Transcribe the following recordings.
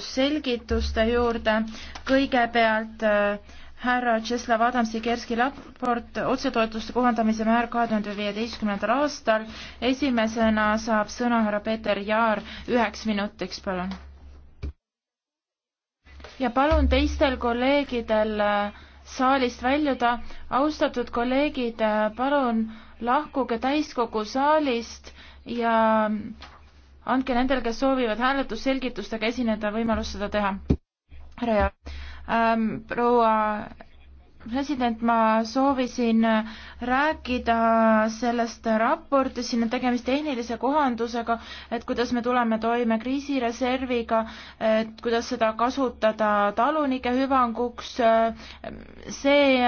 selgituste juurde. kõigepealt äh, härra Tšeslav Adam-Sikerski raport otsetoetuste kohandamise määr kahe tuhande viieteistkümnendal aastal. esimesena saab sõna härra Peeter Jaar üheks minutiks, palun. ja palun teistel kolleegidel äh, saalist väljuda. austatud kolleegid, äh, palun lahkuge täiskogu saalist ja andke nendele, kes soovivad hääletusselgitustega esineda, võimalus seda teha. härra ja ähm, proua president, ma soovisin rääkida sellest raportist, siin on tegemist tehnilise kohandusega, et kuidas me tuleme toime kriisireserviga, et kuidas seda kasutada talunike hüvanguks, ähm, see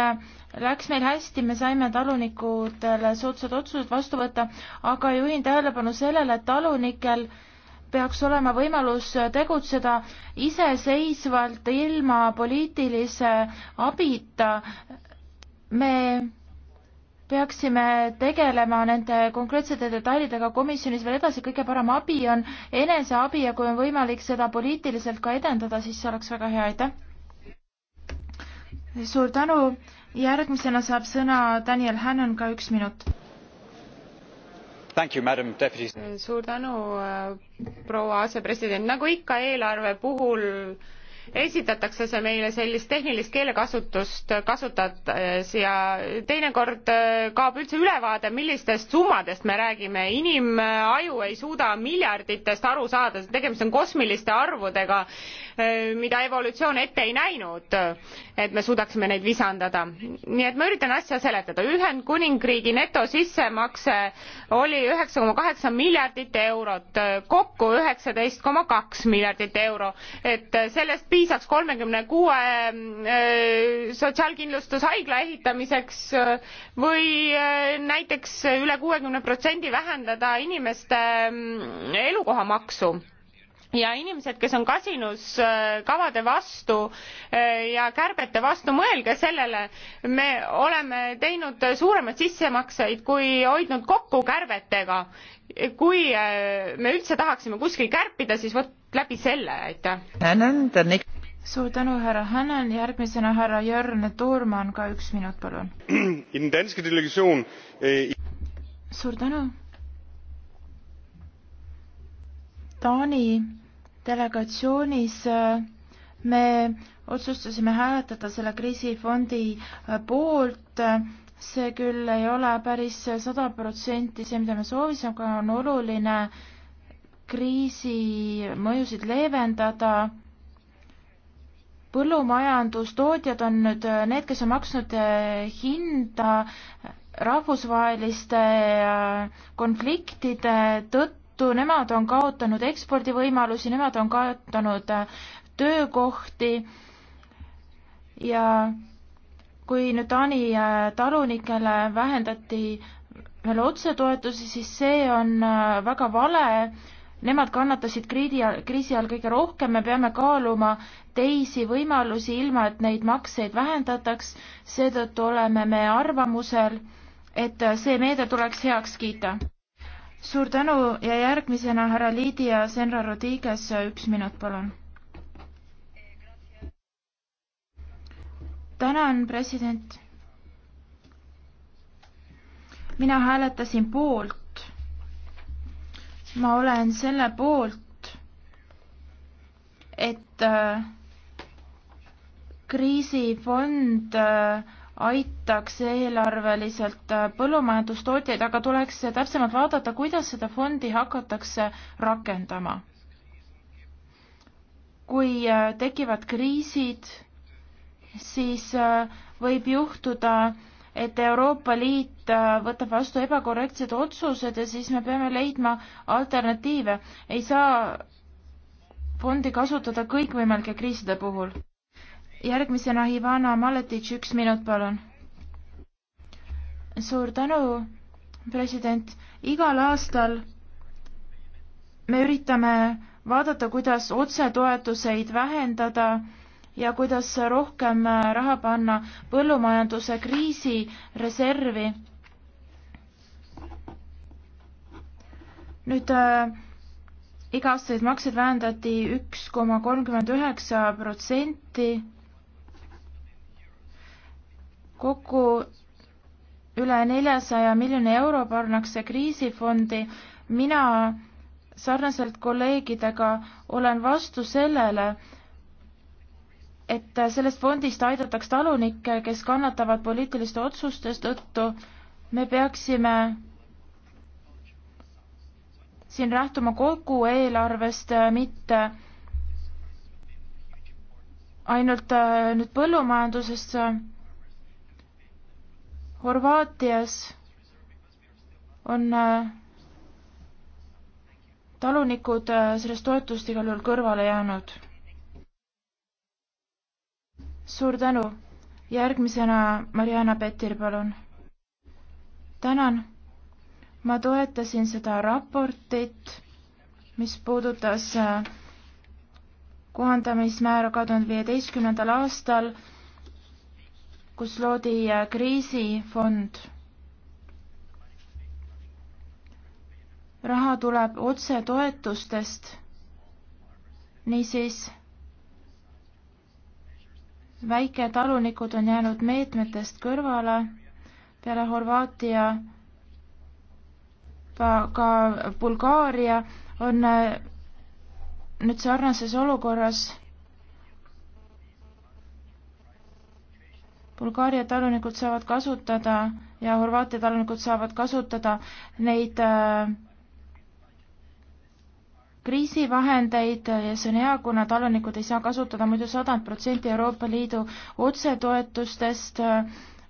läks meil hästi, me saime talunikudele soodsad otsused vastu võtta, aga juhin tähelepanu sellele, et talunikel peaks olema võimalus tegutseda iseseisvalt ilma poliitilise abita. me peaksime tegelema nende konkreetsete detailidega komisjonis veel edasi, kõige parem abi on eneseabi ja kui on võimalik seda poliitiliselt ka edendada, siis see oleks väga hea, aitäh! suur tänu, järgmisena saab sõna Daniel Hannon, ka üks minut. You, suur tänu, äh, proua asepresident, nagu ikka eelarve puhul esitatakse see meile sellist tehnilist keelekasutust kasutades ja teinekord äh, kaob üldse ülevaade, millistest summadest me räägime. inimaju ei suuda miljarditest aru saada, tegemist on kosmiliste arvudega, äh, mida evolutsioon ette ei näinud, et me suudaksime neid visandada. nii et ma üritan asja seletada. Ühendkuningriigi netosissemakse oli üheksa koma kaheksa miljardit eurot, kokku üheksateist koma kaks miljardit euro, et sellest piisaks kolmekümne kuue äh, sotsiaalkindlustushaigla ehitamiseks äh, või äh, näiteks üle kuuekümne protsendi vähendada inimeste mm, elukohamaksu ja inimesed kes on kasinus kavade vastu ja kärbete vastu mõelge sellele me oleme teinud suuremaid sissemakseid kui hoidnud kokku kärbetega kui me üldse tahaksime kuskil kärpida siis vot läbi selle, aitäh. suur tänu, härra Hänen, järgmisena härra Jörn Toorman, ka üks minut, palun. Eh, suur tänu. Taani delegatsioonis eh, me otsustasime hääletada selle kriisifondi eh, poolt see küll ei ole päris sada protsenti see, mida me soovisime, aga on oluline kriisi mõjusid leevendada. põllumajandustootjad on nüüd need, kes on maksnud eh, hinda rahvusvaheliste eh, konfliktide tõttu, nemad on kaotanud ekspordivõimalusi, nemad on kaotanud eh, töökohti ja kui nüüd Taani talunikele vähendati veel otsetoetusi, siis see on väga vale Nemad kannatasid kriidi, kriisi all kõige rohkem, me peame kaaluma teisi võimalusi, ilma et neid makseid vähendataks, seetõttu oleme me arvamusel, et see meede tuleks heaks kiita. suur tänu ja järgmisena härra Liidia Senra Rodriguez, üks minut, palun tänan, president. mina hääletasin poolt ma olen selle poolt, et äh, kriisifond äh, aitaks eelarveliselt äh, põllumajandustootjaid, aga tuleks täpsemalt vaadata, kuidas seda fondi hakatakse rakendama. kui tekivad kriisid, siis võib juhtuda et Euroopa Liit äh, võtab vastu ebakorrektsed otsused ja siis me peame leidma alternatiive. ei saa fondi kasutada kõikvõimalike kriiside puhul. järgmisena Ivana Maletitš, üks minut, palun. suur tänu, president. igal aastal me üritame vaadata, kuidas otsetoetuseid vähendada ja kuidas rohkem raha panna põllumajanduse kriisireservi. nüüd äh, iga-aastaseid makseid vähendati üks koma kolmkümmend üheksa protsenti. kokku üle neljasaja miljoni euro pannakse kriisifondi. mina sarnaselt kolleegidega olen vastu sellele, et sellest fondist aidataks talunikke, kes kannatavad poliitiliste otsuste tõttu, me peaksime siin lähtuma kogu eelarvest, mitte ainult äh, nüüd põllumajandusest. Horvaatias on äh, talunikud äh, sellest toetust igal juhul kõrvale jäänud suur tänu. järgmisena Mariana Petir, palun. tänan. ma toetasin seda raportit, mis puudutas äh, kohandamismäära kahe tuhande viieteistkümnendal aastal, kus loodi äh, kriisifond. raha tuleb otse toetustest, niisiis väiketalunikud on jäänud meetmetest kõrvale peale Horvaatia ka Bulgaaria on äh, nüüd sarnases olukorras. Bulgaaria talunikud saavad kasutada ja Horvaatia talunikud saavad kasutada neid äh, kriisivahendeid ja see on hea, kuna talunikud ei saa kasutada muidu sadat protsenti Euroopa Liidu otsetoetustest.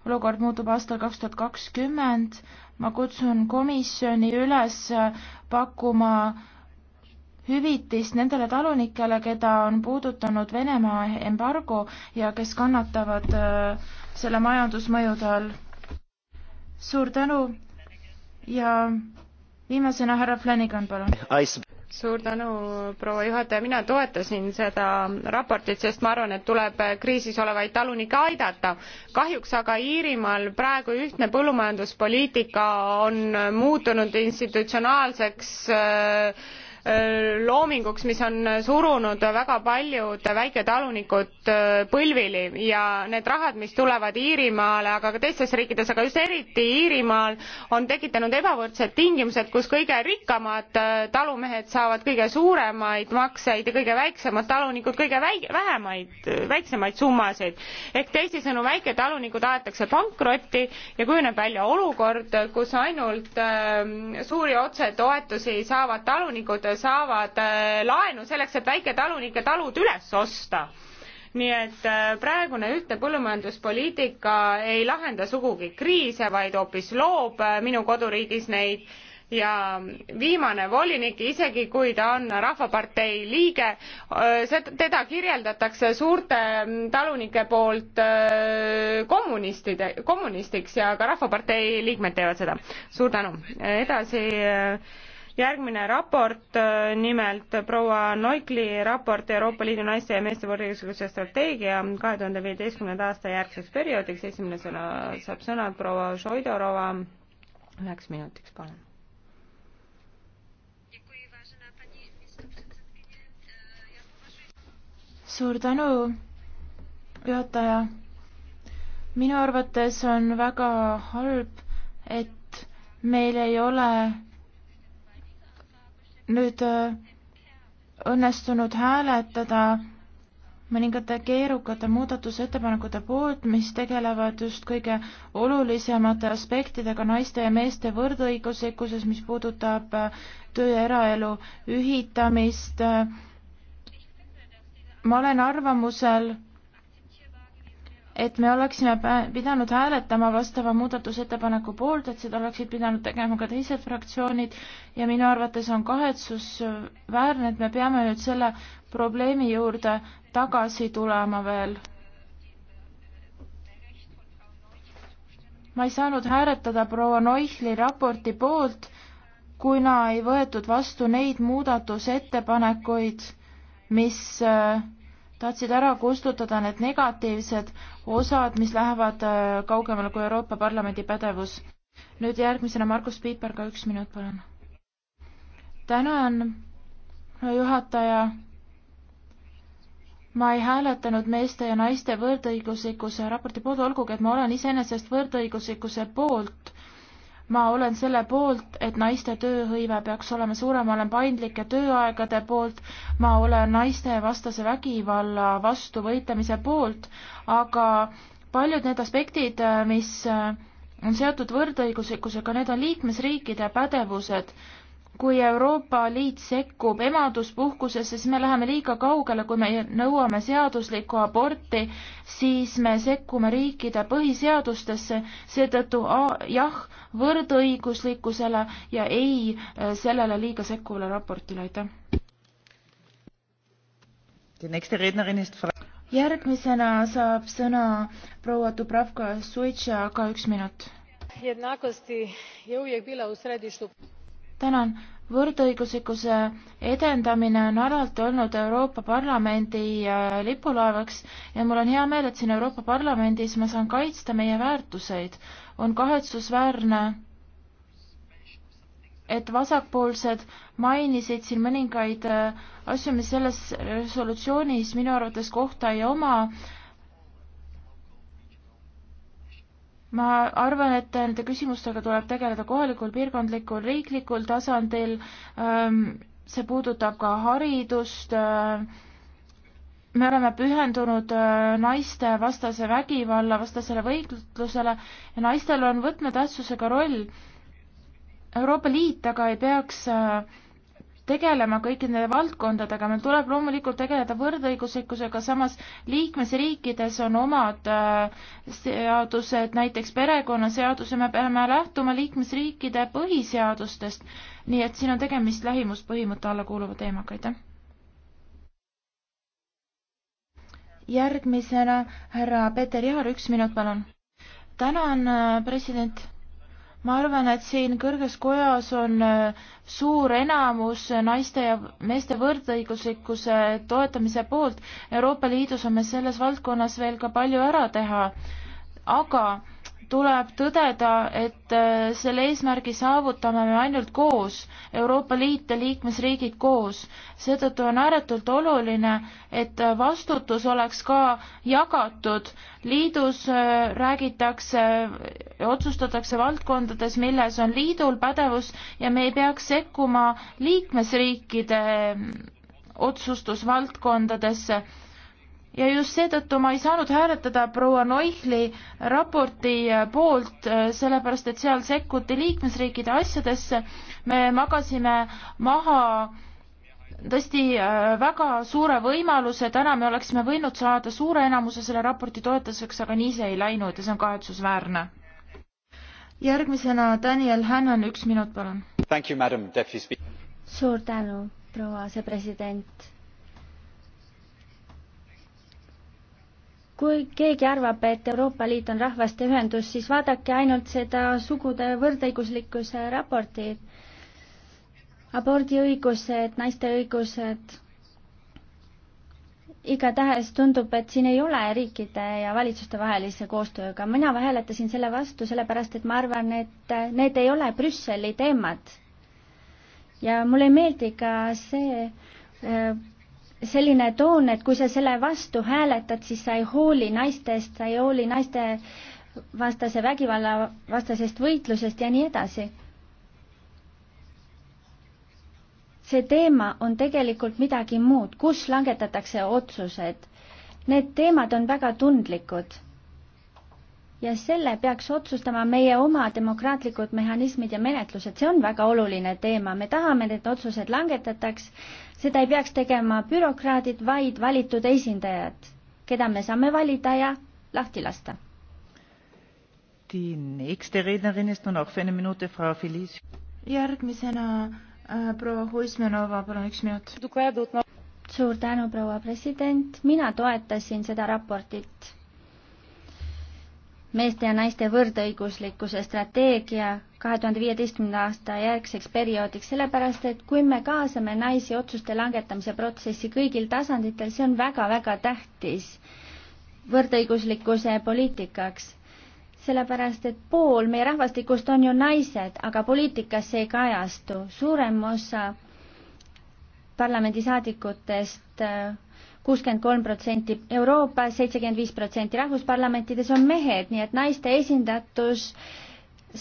olukord muutub aastal kaks tuhat kakskümmend. ma kutsun komisjoni üles pakkuma hüvitist nendele talunikele, keda on puudutanud Venemaa embargo ja kes kannatavad äh, selle majandusmõjude all. suur tänu ja viimasena härra Flanagan, palun suur tänu, proua juhataja, mina toetasin seda raportit, sest ma arvan, et tuleb kriisis olevaid talunikke aidata. kahjuks aga Iirimaal praegu ühtne põllumajanduspoliitika on muutunud institutsionaalseks äh, Äh, loominguks, mis on surunud väga paljud väiketalunikud äh, põlvili ja need rahad, mis tulevad Iirimaale, aga ka teistes riikides, aga just eriti Iirimaal, on tekitanud ebavõrdsed tingimused, kus kõige rikkamad äh, talumehed saavad kõige suuremaid makseid ja kõige väiksemad talunikud kõige väik-, vähemaid, väiksemaid summasid. ehk teisisõnu, väiketalunikud aetakse pankrotti ja kujuneb välja olukord, kus ainult äh, suuri otsetoetusi saavad talunikud saavad äh, laenu selleks, et väiketalunike talud üles osta nii et äh, praegune ühtne põllumajanduspoliitika ei lahenda sugugi kriise, vaid hoopis loob äh, minu koduriigis neid ja viimane volinik, isegi kui ta on Rahvapartei liige, teda kirjeldatakse suurte mm, talunike poolt kommunistide, kommunistiks ja ka Rahvapartei liikmed teevad seda. suur tänu. edasi järgmine raport, äh, nimelt proua Noikli raport Euroopa Liidu naiste ja meeste võrdõiguslikkuse strateegia kahe tuhande viieteistkümnenda aasta järgseks perioodiks, esimene sõna saab sõna proua Šoidorova, üheks minutiks, palun. suur tänu, juhataja. minu arvates on väga halb, et meil ei ole nüüd äh, õnnestunud hääletada mõningate keerukate muudatusettepanekute poolt, mis tegelevad just kõige olulisemate aspektidega naiste ja meeste võrdõiguslikkuses, mis puudutab äh, töö ja eraelu ühitamist. Äh, ma olen arvamusel, et me oleksime pidanud hääletama vastava muudatusettepaneku poolt, et seda oleksid pidanud tegema ka teised fraktsioonid ja minu arvates on kahetsusväärne, et me peame nüüd selle probleemi juurde tagasi tulema veel. ma ei saanud hääletada proua Neuchli raporti poolt, kuna ei võetud vastu neid muudatusettepanekuid, mis äh, tahtsid ära kustutada need negatiivsed osad, mis lähevad äh, kaugemale kui Euroopa Parlamendi pädevus. nüüd järgmisena Margus Piiper, ka üks minut, palun. tänan, juhataja. ma ei hääletanud meeste ja naiste võrdõiguslikkuse raporti poolt, olgugi et ma olen iseenesest võrdõiguslikkuse poolt ma olen selle poolt, et naiste tööhõive peaks olema suurem, ma olen paindlike tööaegade poolt, ma olen naistevastase vägivalla vastu võitlemise poolt, aga paljud need aspektid, mis on seotud võrdõiguslikkusega, need on liikmesriikide pädevused kui Euroopa Liit sekkub emaduspuhkusesse, siis me läheme liiga kaugele, kui me nõuame seaduslikku aborti, siis me sekkume riikide põhiseadustesse, seetõttu jah, võrdõiguslikkusele ja ei äh, sellele liiga sekkuvale raportile, aitäh. järgmisena saab sõna proua Dubravka Suitša, aga üks minut jednakosti je uvijek bila u središtu tänan. võrdõiguslikkuse edendamine on alati olnud Euroopa Parlamendi äh, lipulaevaks ja mul on hea meel, et siin Euroopa Parlamendis ma saan kaitsta meie väärtuseid. on kahetsusväärne, et vasakpoolsed mainisid siin mõningaid äh, asju, mis selles resolutsioonis minu arvates kohta ei oma ma arvan, et nende küsimustega tuleb tegeleda kohalikul, piirkondlikul, riiklikul tasandil. see puudutab ka haridust. me oleme pühendunud naiste vastase vägivalla vastasele võitlusele ja naistel on võtmetähtsusega roll. Euroopa Liit aga ei peaks äh, tegelema kõikide nende valdkondadega, meil tuleb loomulikult tegeleda võrdõiguslikkusega, samas liikmesriikides on omad äh, seadused, näiteks perekonnaseadus ja me peame lähtuma liikmesriikide põhiseadustest, nii et siin on tegemist lähimuspõhimõtte alla kuuluva teemaga, aitäh. järgmisena härra Peeter Jaar, üks minut, palun. tänan, äh, president ma arvan, et siin kõrges kojas on äh, suur enamus naiste ja meeste võrdõiguslikkuse toetamise poolt. Euroopa Liidus on meil selles valdkonnas veel ka palju ära teha, aga tuleb tõdeda, et äh, selle eesmärgi saavutame me ainult koos, Euroopa Liit ja liikmesriigid koos. seetõttu on ääretult oluline, et vastutus oleks ka jagatud. liidus äh, räägitakse, otsustatakse valdkondades, milles on liidul pädevus ja me ei peaks sekkuma liikmesriikide otsustusvaldkondadesse ja just seetõttu ma ei saanud hääletada proua Noichli raporti äh, poolt, äh, sellepärast et seal sekkuti liikmesriikide asjadesse, me magasime maha tõesti äh, väga suure võimaluse, täna me oleksime võinud saada suure enamuse selle raporti toetuseks, aga nii see ei läinud ja see on kahetsusväärne. järgmisena Daniel Hannan, üks minut, palun. suur tänu, proua asepresident kui keegi arvab, et Euroopa Liit on rahvaste ühendus, siis vaadake ainult seda sugude võrdõiguslikkuse raportit. abordiõigused, naiste õigused. igatahes tundub, et siin ei ole riikide ja valitsuste vahelise koostööga. mina hääletasin selle vastu, sellepärast et ma arvan, et need ei ole Brüsseli teemad. ja mulle ei meeldi ka see äh, selline toon, et kui sa selle vastu hääletad, siis sa ei hooli naistest, sa ei hooli naiste vastase vägivalla vastasest võitlusest ja nii edasi. see teema on tegelikult midagi muud, kus langetatakse otsused. Need teemad on väga tundlikud ja selle peaks otsustama meie oma demokraatlikud mehhanismid ja menetlused, see on väga oluline teema, me tahame, et need otsused langetataks seda ei peaks tegema bürokraadid, vaid valitud esindajad, keda me saame valida ja lahti lasta. järgmisena äh, proua Huismanova, palun üks minut. suur tänu, proua president, mina toetasin seda raportit meeste ja naiste võrdõiguslikkuse strateegia kahe tuhande viieteistkümnenda aasta järgseks perioodiks, sellepärast et kui me kaasame naisi otsuste langetamise protsessi kõigil tasanditel, see on väga-väga tähtis võrdõiguslikkuse poliitikaks. sellepärast, et pool meie rahvastikust on ju naised, aga poliitikas see ei kajastu, suurem osa parlamendisaadikutest kuuskümmend kolm protsenti Euroopas, seitsekümmend viis protsenti rahvusparlamentides on mehed, nii et naiste esindatus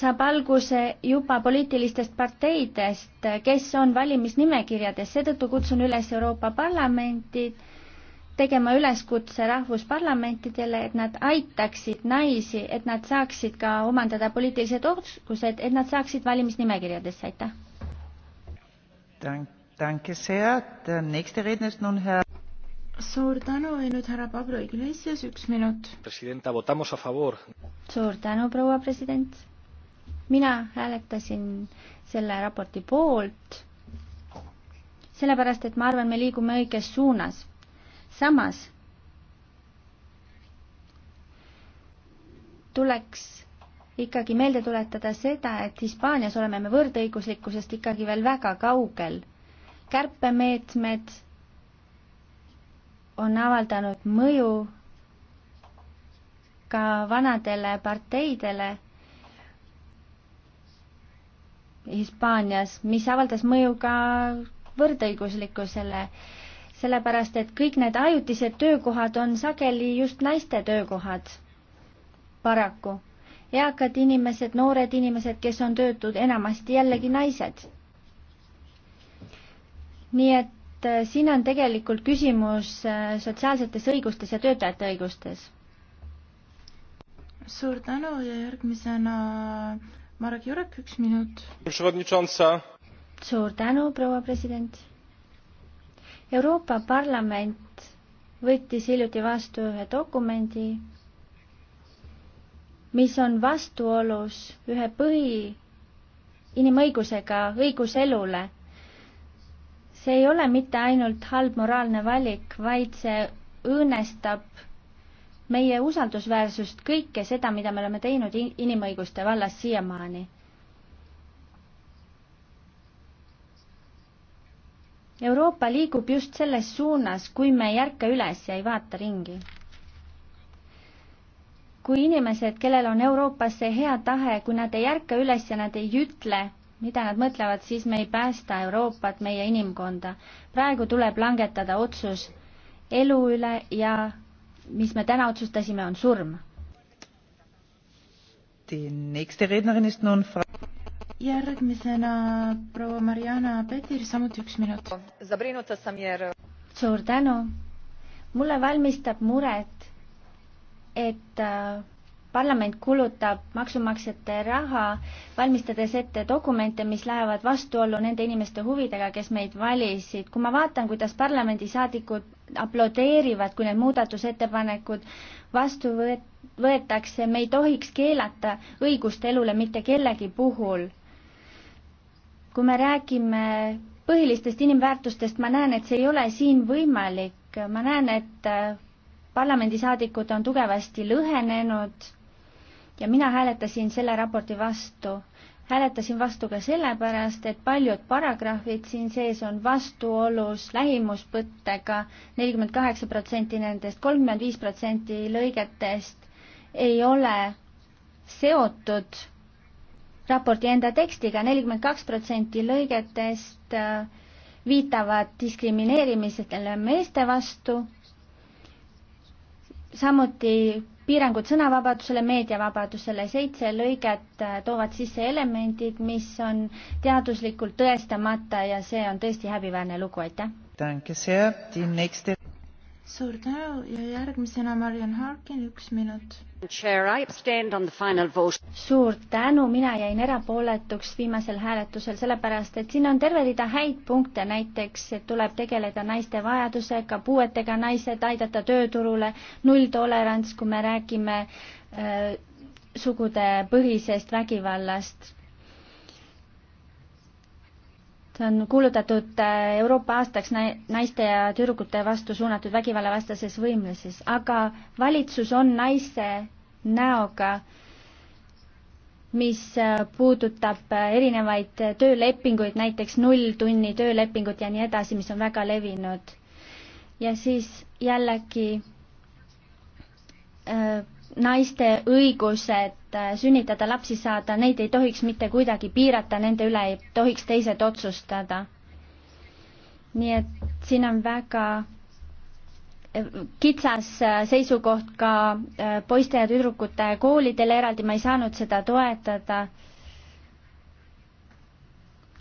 saab alguse juba poliitilistest parteidest, kes on valimisnimekirjades, seetõttu kutsun üles Euroopa Parlamenti tegema üleskutse rahvusparlamentidele, et nad aitaksid naisi, et nad saaksid ka omandada poliitilised oskused, et nad saaksid valimisnimekirjadesse, aitäh suur tänu ja nüüd härra Pablo Iglesias, üks minut. suur tänu, proua president. mina hääletasin selle raporti poolt, sellepärast et ma arvan, me liigume õiges suunas. samas tuleks ikkagi meelde tuletada seda, et Hispaanias oleme me võrdõiguslikkusest ikkagi veel väga kaugel. kärpemeetmed on avaldanud mõju ka vanadele parteidele Hispaanias, mis avaldas mõju ka võrdõiguslikkusele, sellepärast et kõik need ajutised töökohad on sageli just naiste töökohad, paraku. eakad inimesed, noored inimesed, kes on töötud, enamasti jällegi naised. nii et et äh, siin on tegelikult küsimus äh, sotsiaalsetes õigustes ja töötajate õigustes. suur tänu ja järgmisena Marek Jurek, üks minut. suur tänu, proua president. Euroopa Parlament võttis hiljuti vastu ühe dokumendi, mis on vastuolus ühe põhi inimõigusega, õigus elule see ei ole mitte ainult halb moraalne valik, vaid see õõnestab meie usaldusväärsust, kõike seda, mida me oleme teinud inimõiguste vallas siiamaani. Euroopa liigub just selles suunas, kui me ei ärka üles ja ei vaata ringi. kui inimesed, kellel on Euroopasse hea tahe, kui nad ei ärka üles ja nad ei ütle, mida nad mõtlevad, siis me ei päästa Euroopat, meie inimkonda. praegu tuleb langetada otsus elu üle ja mis me täna otsustasime, on surm. järgmisena proua Mariana Petir, samuti üks minut. suur tänu. mulle valmistab muret, et äh, parlament kulutab maksumaksjate raha, valmistades ette dokumente, mis lähevad vastuollu nende inimeste huvidega, kes meid valisid. kui ma vaatan, kuidas parlamendisaadikud aplodeerivad, kui need muudatusettepanekud vastu võetakse, me ei tohiks keelata õigust elule mitte kellegi puhul. kui me räägime põhilistest inimväärtustest, ma näen, et see ei ole siin võimalik, ma näen, et äh, parlamendisaadikud on tugevasti lõhenenud ja mina hääletasin selle raporti vastu. hääletasin vastu ka sellepärast, et paljud paragrahvid siin sees on vastuolus lähimuspõttega, nelikümmend kaheksa protsenti nendest, kolmkümmend viis protsenti lõigetest ei ole seotud raporti enda tekstiga, nelikümmend kaks protsenti lõigetest äh, viitavad diskrimineerimisele meeste vastu, samuti piirangud sõnavabadusele, meediavabadusele, seitse lõiget äh, toovad sisse elemendid, mis on teaduslikult tõestamata ja see on tõesti häbiväärne lugu, aitäh suur tänu ja järgmisena Marian Harkin, üks minut. suur tänu, mina jäin erapooletuks viimasel hääletusel, sellepärast et siin on terve rida häid punkte, näiteks tuleb tegeleda naiste vajadusega, puuetega naised aidata tööturule, nulltolerants, kui me räägime äh, sugudepõhisest vägivallast see on kuulutatud äh, Euroopa aastaks naiste ja tüdrukute vastu suunatud vägivallavastases võimluses, aga valitsus on naise näoga, mis äh, puudutab äh, erinevaid töölepinguid, näiteks nulltunni töölepingut ja nii edasi, mis on väga levinud. ja siis jällegi äh, naiste õigused äh, sünnitada lapsi saada, neid ei tohiks mitte kuidagi piirata, nende üle ei tohiks teised otsustada. nii et siin on väga äh, kitsas äh, seisukoht ka poiste ja tüdrukute koolidele eraldi, ma ei saanud seda toetada.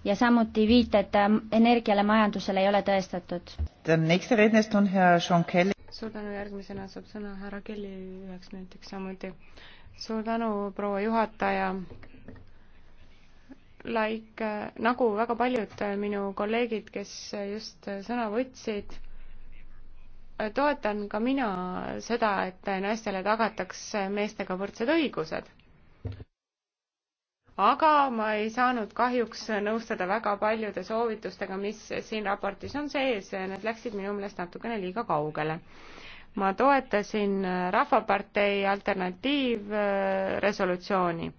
ja samuti viited energiale, majandusele ei ole tõestatud suur tänu, järgmisena saab sõna härra Kelly üheks minutiks samuti. suur tänu, proua juhataja like, nagu väga paljud minu kolleegid, kes just sõna võtsid, toetan ka mina seda, et naistele tagatakse meestega võrdsed õigused aga ma ei saanud kahjuks nõustuda väga paljude soovitustega, mis siin raportis on sees, need läksid minu meelest natukene liiga kaugele. ma toetasin Rahvapartei alternatiivresolutsiooni. Äh,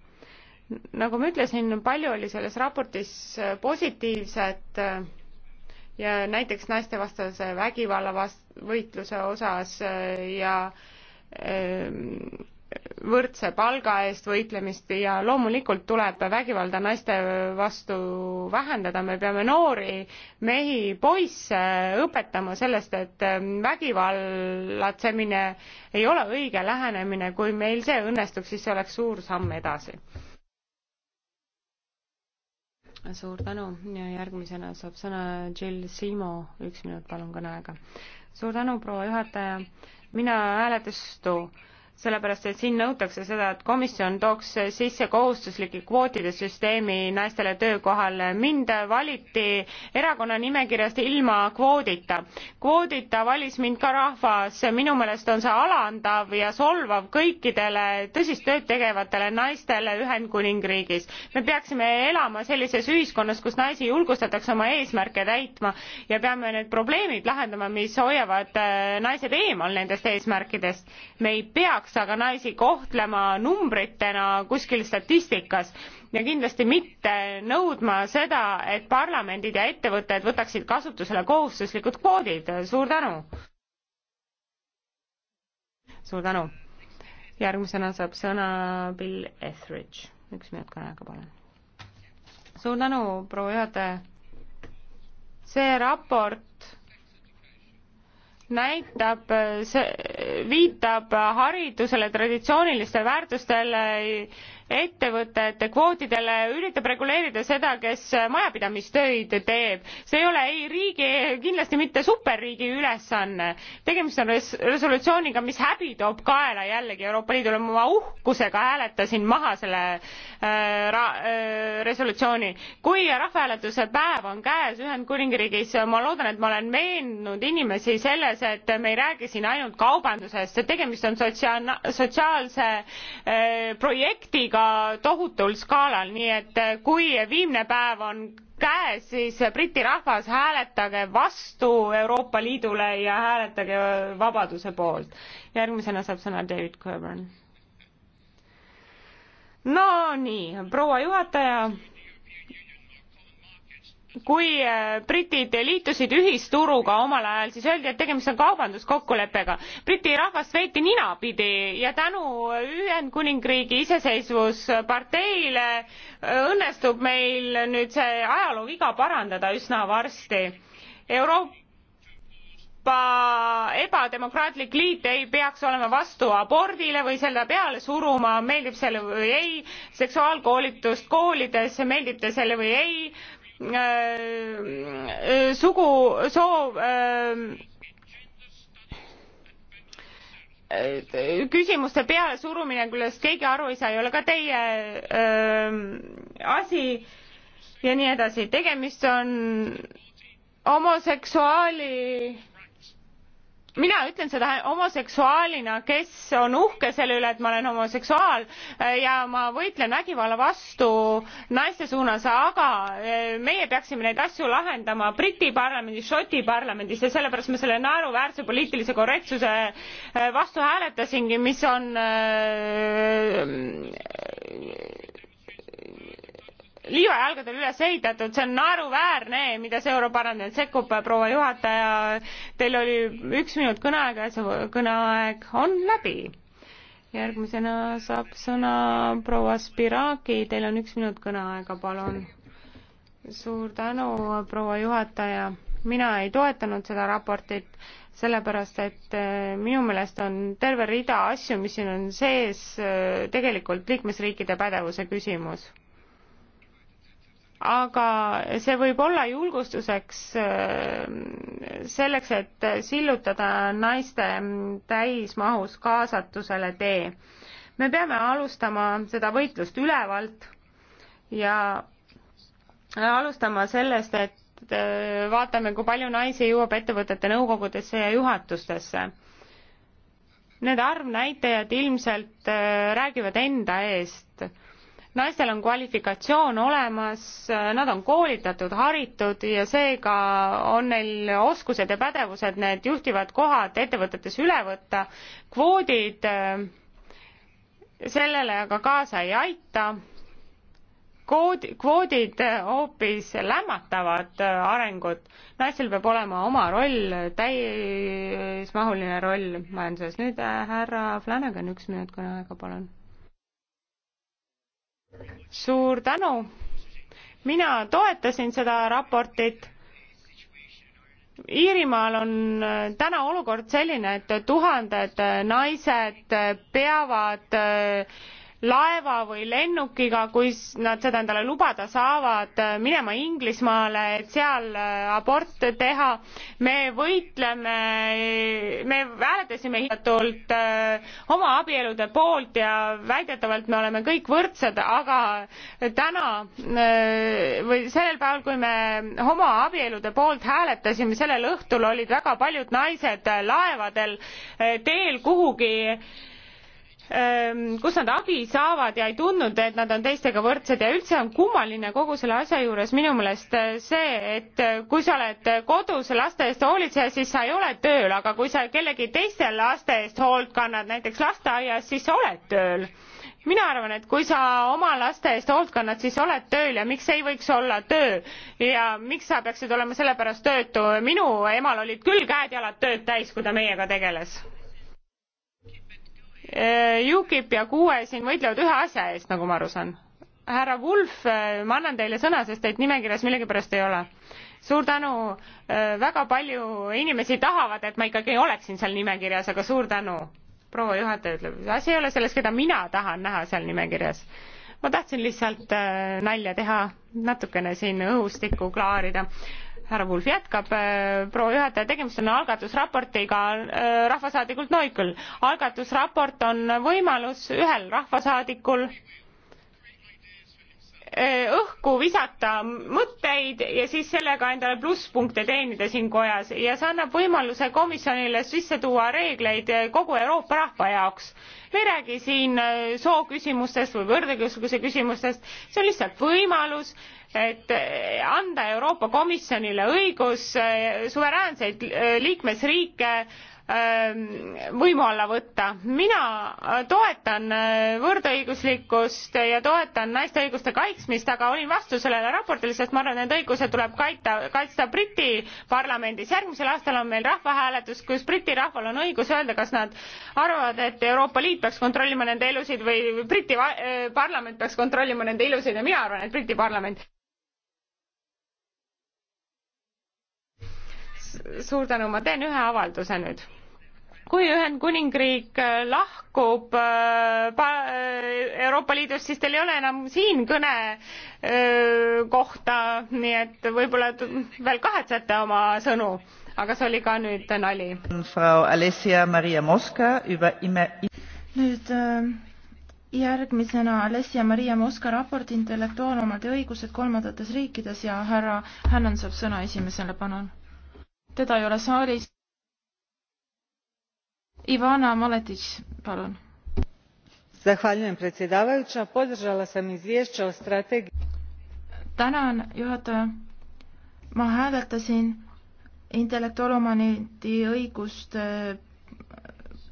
nagu ma ütlesin, palju oli selles raportis positiivset äh, ja näiteks naistevastase vägivalla vast-, võitluse osas äh, ja võrdse palga eest võitlemist ja loomulikult tuleb vägivalda naiste vastu vähendada, me peame noori mehi, poisse õpetama sellest, et ähm, vägivallatsemine ei ole õige lähenemine, kui meil see õnnestuks, siis see oleks suur samm edasi. suur tänu ja järgmisena saab sõna Jill Simo, üks minut palun kõneaega. suur tänu, proua juhataja, mina hääletustu sellepärast et siin nõutakse seda, et komisjon tooks sisse kohustuslike kvootide süsteemi naistele töökohal. mind valiti erakonna nimekirjast ilma kvoodita. kvoodita valis mind ka rahvas, minu meelest on see alandav ja solvav kõikidele tõsist tööd tegevatele naistele Ühendkuningriigis. me peaksime elama sellises ühiskonnas, kus naisi julgustatakse oma eesmärke täitma ja peame need probleemid lahendama, mis hoiavad äh, naised eemal nendest eesmärkidest. me ei peaks peaks aga naisi kohtlema numbritena kuskil statistikas ja kindlasti mitte nõudma seda, et parlamendid ja ettevõtted võtaksid kasutusele kohustuslikud kvoodid. suur tänu! suur tänu! järgmisena saab sõna Bill Etheridge. üks minut kõneaega, palun. suur tänu, proua juhataja. see raport näitab, viitab haridusele, traditsioonilistele väärtustele, ettevõtete kvootidele, üritab reguleerida seda, kes majapidamistöid teeb. see ei ole ei riigi, kindlasti mitte superriigi ülesanne. tegemist on res-, resolutsiooniga, mis häbi toob kaela jällegi Euroopa Liidule. ma uhkusega hääletasin maha selle äh, ra- äh,, resolutsiooni. kui rahvahääletuse päev on käes Ühendkuningriigis, ma loodan, et ma olen veennud inimesi selles, selles, et me ei räägi siin ainult kaubandusest, et tegemist on sotsiaal, sotsiaalse eh, projektiga tohutul skaalal, nii et eh, kui viimne päev on käes, siis Briti rahvas, hääletage vastu Euroopa Liidule ja hääletage eh, vabaduse poolt. järgmisena saab sõna David Coburn. Nonii, proua juhataja kui äh, britid liitusid ühisturuga omal ajal siis öeldi et tegemist on kaubanduskokkuleppega briti rahvast veeti ninapidi ja tänu ühendkuningriigi iseseisvusparteile äh, õnnestub meil nüüd see ajalooviga parandada üsna varsti euroopa euroopa ebademokraatlik liit ei peaks olema vastu abordile või selle peale suruma meeldib selle või ei seksuaalkoolitust koolides meeldib te selle või ei Äh, äh, sugu, soov äh, küsimuste pealesurumine, millest keegi aru ei saa, ei ole ka teie öö, asi ja nii edasi. tegemist on homoseksuaali mina ütlen seda homoseksuaalina kes on uhke selle üle et ma olen homoseksuaal äh, ja ma võitlen vägivalla vastu naiste suunas aga äh, meie peaksime neid asju lahendama briti parlamendis šoti parlamendis ja sellepärast ma selle naeruväärse poliitilise korrektsuse äh, vastu hääletasingi mis on liivajalgadel üles ehitatud, see on naeruväärne, mida see Europarlament sekkub, proua juhataja, teil oli üks minut kõneaega ja see kõneaeg on läbi. järgmisena saab sõna proua Spiraki, teil on üks minut kõneaega, palun. suur tänu, proua juhataja, mina ei toetanud seda raportit, sellepärast et eh, minu meelest on terve rida asju, mis siin on sees, eh, tegelikult liikmesriikide pädevuse küsimus aga see võib olla julgustuseks äh, selleks, et sillutada naiste täismahus kaasatusele tee. me peame alustama seda võitlust ülevalt ja alustama sellest, et äh, vaatame, kui palju naisi jõuab ettevõtete nõukogudesse ja juhatustesse. Need arvnäitajad ilmselt äh, räägivad enda eest naistel on kvalifikatsioon olemas, nad on koolitatud, haritud ja seega on neil oskused ja pädevused need juhtivad kohad ettevõtetes üle võtta. kvoodid äh, sellele aga kaasa ei aita. Kood, kvoodid hoopis lämmatavad äh, arengut. naistel peab olema oma roll, täismahuline roll majanduses. nüüd äh, härra Flanagan, üks minut kõneaega, palun suur tänu. mina toetasin seda raportit. Iirimaal on äh, täna olukord selline, et tuhanded naised peavad äh, laeva või lennukiga, kui nad seda endale lubada saavad, äh, minema Inglismaale, et seal äh, abort teha. me võitleme, me hääletasime hinnatult homoabielude äh, poolt ja väidetavalt me oleme kõik võrdsed, aga täna või sellel päeval, kui me homoabielude poolt hääletasime, sellel õhtul olid väga paljud naised laevadel teel kuhugi Ehm, kus nad abi saavad ja ei tundnud, et nad on teistega võrdsed ja üldse on kummaline kogu selle asja juures minu meelest eh, see, et eh, kui sa oled kodus laste eest hoolitseja, siis sa ei ole tööl, aga kui sa kellegi teiste laste eest hoolt kannad, näiteks lasteaias, siis sa oled tööl. mina arvan, et kui sa oma laste eest hoolt kannad, siis oled tööl ja miks ei võiks olla töö ja miks sa peaksid olema sellepärast töötu, minu emal olid küll käed-jalad tööd täis, kui ta meiega tegeles Eh, UKIP ja kuue siin võitlevad ühe asja eest, nagu ma aru saan. härra Wulf, eh, ma annan teile sõna, sest teid nimekirjas millegipärast ei ole. suur tänu, eh, väga palju inimesi tahavad, et ma ikkagi oleksin seal nimekirjas, aga suur tänu. proua juhataja ütleb, asi ei ole selles, keda mina tahan näha seal nimekirjas. ma tahtsin lihtsalt nalja teha, natukene siin õhustikku klaarida härra Wulf jätkab, äh, proua juhataja, tegemist on algatusraportiga äh, rahvasaadikult Noikul. algatusraport on võimalus ühel rahvasaadikul äh, õhku visata mõtteid ja siis sellega endale plusspunkte teenida siin kojas ja see annab võimaluse komisjonile sisse tuua reegleid kogu Euroopa rahva jaoks. me ei räägi siin sooküsimustest või võrdõiguslikkuse küsimustest, see on lihtsalt võimalus et eh, anda Euroopa Komisjonile õigus eh, suveräänseid eh, liikmesriike ehm, võimu alla võtta. mina toetan võrdõiguslikkust ja toetan naiste õiguste kaitsmist, aga olin vastu sellele raportile, sest ma arvan, et need õigused tuleb kaita, kaitsta Briti parlamendis. järgmisel aastal on meil rahvahääletus, kus Briti rahval on õigus öelda, kas nad arvavad, et Euroopa Liit peaks kontrollima nende elusid või Briti parlament peaks kontrollima nende ilusid ja mina arvan, et Briti parlament suur tänu, ma teen ühe avalduse nüüd kui Ühendkuningriik äh, lahkub äh, äh, Euroopa Liidust, siis teil ei ole enam siin kõne kohta, nii et võib-olla veel kahetsete oma sõnu, aga see oli ka nüüd nali. nüüd järgmisena Alessia Maria Moska raport Intellektuaalomade õigused kolmandates riikides ja härra Hännan saab sõna esimesena, palun teda ei ole saalis. Ivana Maletić, palun. Zahvaljujem predsjedavajuća. Podržala sam izvješće o strategiji. Tänan juhataja. Ma hääletasin intellektuaalomandi õiguste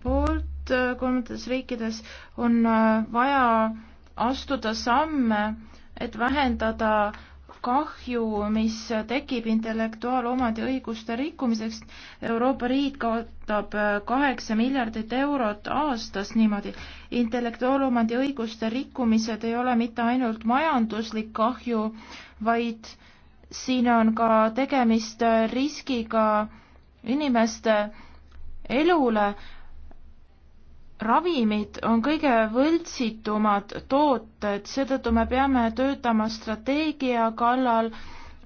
poolt kolmandates riikides on vaja astuda samme, et vähendada äh, kahju, mis tekib intellektuaalomandi õiguste rikkumiseks. Euroopa Liit kaotab äh, kaheksa miljardit eurot aastas niimoodi. intellektuaalomandi õiguste rikkumised ei ole mitte ainult majanduslik kahju, vaid siin on ka tegemist äh, riskiga inimeste elule ravimid on kõige võltsitumad tooted, seetõttu me peame töötama strateegia kallal,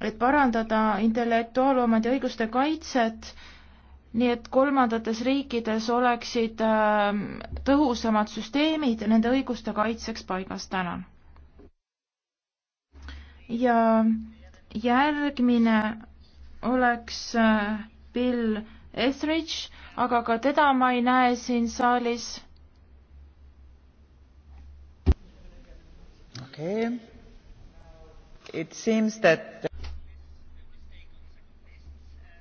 et parandada intellektuaalomandi õiguste kaitset, nii et kolmandates riikides oleksid ähm, tõhusamad süsteemid nende õiguste kaitseks paigas, tänan. ja järgmine oleks äh, Bill Etheridge, aga ka teda ma ei näe siin saalis Okay. That...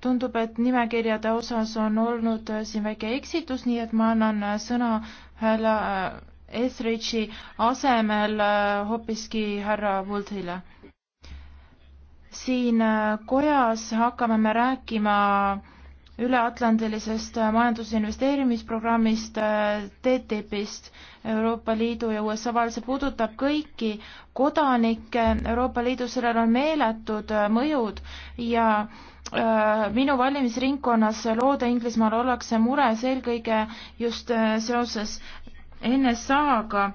tundub, et nimekirjade osas on olnud äh, siin väike eksitus, nii et ma annan äh, sõna härra äh, Etheridge'i asemel hoopiski härra Woodhile. siin kojas hakkame me rääkima üleatlandilisest majandusinvesteerimisprogrammist äh, TTIP-ist Euroopa Liidu ja USA vahel, see puudutab kõiki kodanikke Euroopa Liidus, sellel on meeletud äh, mõjud ja äh, minu valimisringkonnas Loode-Inglismaal ollakse mures eelkõige just äh, seoses NSA-ga.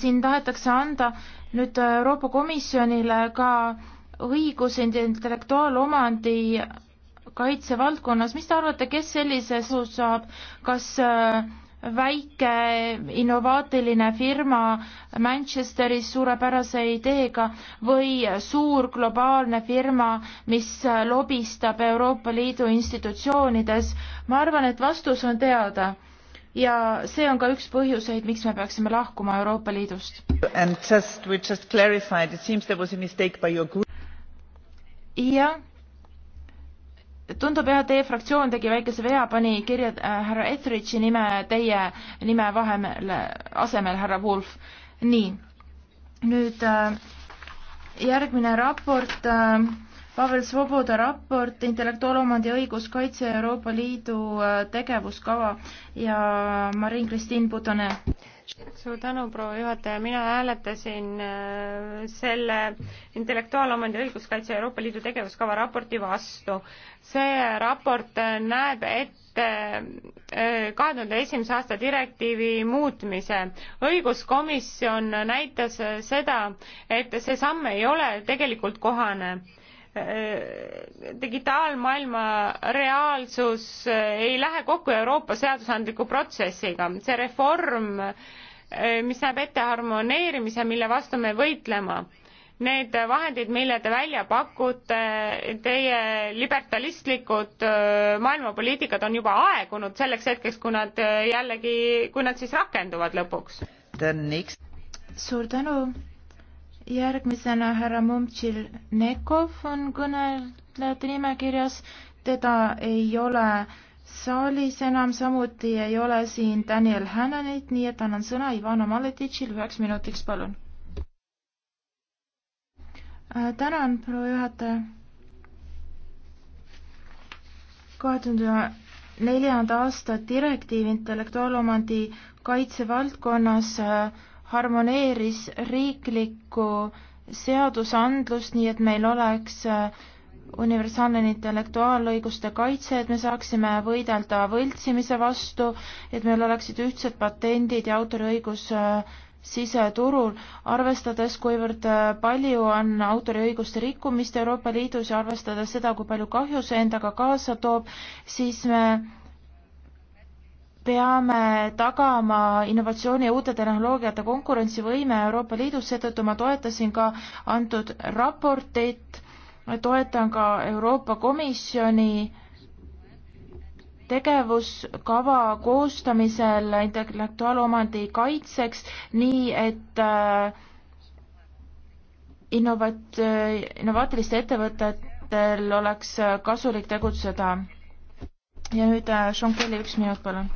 siin tahetakse anda nüüd Euroopa Komisjonile ka õigus intellektuaalomandi kaitsevaldkonnas, mis te arvate, kes sellise su saab, kas äh, väike innovaatiline firma Manchesteris suurepärase ideega või suur globaalne firma, mis äh, lobistab Euroopa Liidu institutsioonides. ma arvan, et vastus on teada ja see on ka üks põhjuseid, miks me peaksime lahkuma Euroopa Liidust. jah tundub jah, teie fraktsioon tegi väikese vea, pani kirja äh, härra Etheridge'i nime teie nime vahemele, asemel härra Wolf. nii, nüüd äh, järgmine raport, äh, Pavel Svoboda raport, intellektuaalomandi õiguskaitse Euroopa Liidu tegevuskava ja Marin-Kristiin Putone suur tänu, proua juhataja, mina hääletasin äh, selle intellektuaalomandi õiguskaitse Euroopa Liidu tegevuskava raporti vastu. see raport äh, näeb ette äh, kahe tuhande esimese aasta direktiivi muutmise. õiguskomisjon näitas seda, et see samm ei ole tegelikult kohane Äh, digitaalmaailma reaalsus äh, ei lähe kokku Euroopa seadusandliku protsessiga. see reform, äh, mis näeb ette harmoneerimise, mille vastu me võitlema, need vahendid, mille te välja pakute, teie libertalistlikud maailmapoliitikad on juba aegunud selleks hetkeks, kui nad jällegi, kui nad siis rakenduvad lõpuks. suur tänu järgmisena härra Mumtšil Nekov on kõnelejate nimekirjas, teda ei ole saalis enam, samuti ei ole siin Daniel Hannanit, nii et annan sõna Ivana Maletitšil üheks minutiks, palun. Äh, tänan, proua juhataja. kahe tuhande neljanda aasta direktiiv intellektuaalomandi kaitse valdkonnas äh, harmoneeris riiklikku seadusandlust, nii et meil oleks äh, universaalne intellektuaalõiguste kaitse, et me saaksime võidelda võltsimise vastu, et meil oleksid ühtsed patendid ja autoriõigus äh, siseturul, arvestades, kuivõrd äh, palju on autoriõiguste rikkumist Euroopa Liidus ja arvestades seda, kui palju kahju see endaga kaasa toob, siis me peame tagama innovatsiooni ja uute tehnoloogiate konkurentsivõime Euroopa Liidus, seetõttu ma toetasin ka antud raportit, toetan ka Euroopa Komisjoni tegevuskava koostamisel intellektuaalomandi kaitseks, nii et äh, innovat-, äh, innovaatiliste ettevõtetel oleks kasulik tegutseda. ja nüüd äh, Sean Kelly, üks minut, palun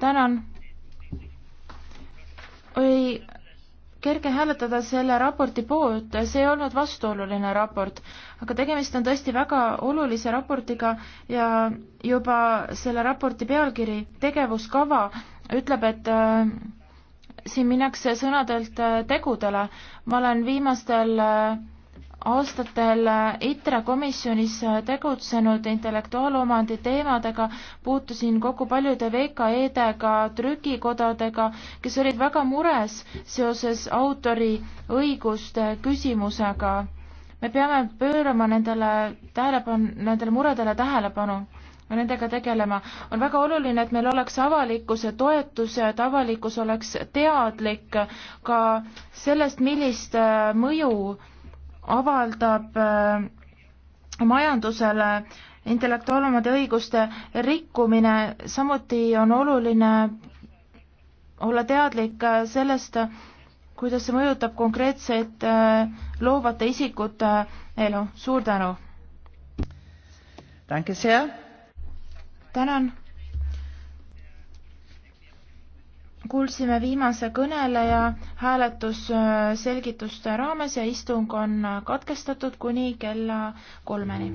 tänan. oli kerge hääletada selle raporti poolt, see ei olnud vastuoluline raport, aga tegemist on tõesti väga olulise raportiga ja juba selle raporti pealkiri, tegevuskava, ütleb, et äh, siin minnakse sõnadelt äh, tegudele. ma olen viimastel äh, aastatel ITRE komisjonis tegutsenud intellektuaalomandi teemadega, puutusin kokku paljude VKE-dega, trükikodadega, kes olid väga mures seoses autoriõiguste küsimusega. me peame pöörama nendele tähelepanu, nendele muredele tähelepanu nendega tegelema. on väga oluline, et meil oleks avalikkuse toetus ja et avalikkus oleks teadlik ka sellest, millist äh, mõju avaldab äh, majandusele intellektuaalomade õiguste rikkumine, samuti on oluline olla teadlik äh, sellest, kuidas see mõjutab konkreetseid äh, loovate isikute elu. suur tänu! tänan! kuulsime viimase kõneleja hääletusselgituste raames ja istung on katkestatud kuni kella kolmeni.